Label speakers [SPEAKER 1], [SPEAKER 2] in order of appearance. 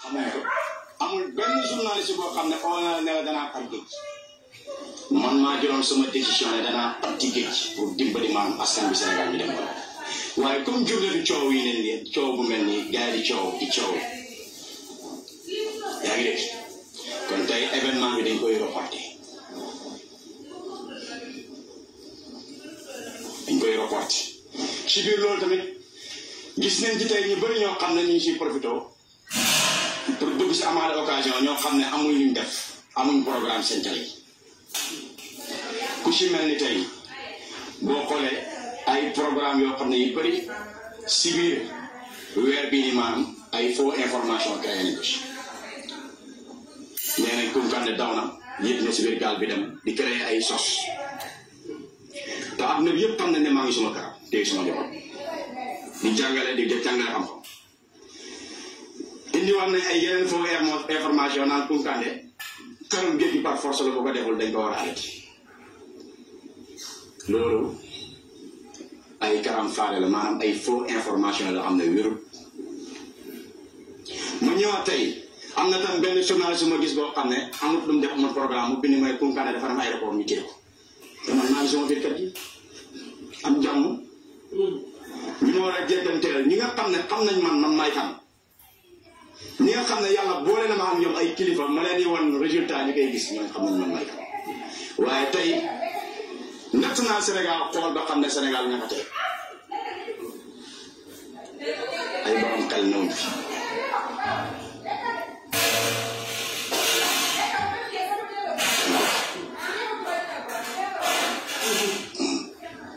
[SPEAKER 1] xamuñ ko amul benn journaliste boo xam ne xaw na ne la naa paj géej man maa jëloon sama décision ne danaa paj géej pour dimbali maam askan bi Sénégal ñu dem ko waaye comme jur na di coow yi leen nii coow bu mel nii gars yi di coow di coow yaa ngi dégg kon tey événement bi dañ koy reporté dañ koy reporté ci biir loolu tamit gis nañ ci tey ñu bëri ñoo xam ne ñu si ciy profité te bëgg si amaale occasion ñoo xam ne amuñ def amuñ programme seen cale ku si mel ni tey boo xoolee ay programme yoo xam ne yi bëri si biir weer bii ni maanaam ay faux information créé nañ ko si nee nañ Kounkandé daw na yéeg na si biir gaal bi dem di créé ay sos te am na yëpp xam na ne maa ngi suma garab tey suma joxoon di jàngale di jàngale xam indi wax nañ ay yeneen faux information naan kunkande ya? këram géej gi par force la boo ko deful dañ ko war a arrêté loolu ay karam faale la maanaam ay faux information la xam ne wérul ma ñëwaat tey am ya. hmm. na tam benn journaliste ma gis boo xam ne amut lu mu def amul programme mu bind mooy kunkande dafa am aéroport ñu téye ko te man maa kat yi am jàmm ñu ma war a jégganteel ñi nga xam ne xam nañ man man maay xam ñi nga xam ne yàlla boole na ma am ay kilifa ma leen wan résultat ñu koy gis ñooñu xam nañ man may kan waaye tey natt naa Sénégal xool ba xam ne Sénégal ña ko tey ay borom xel ñëw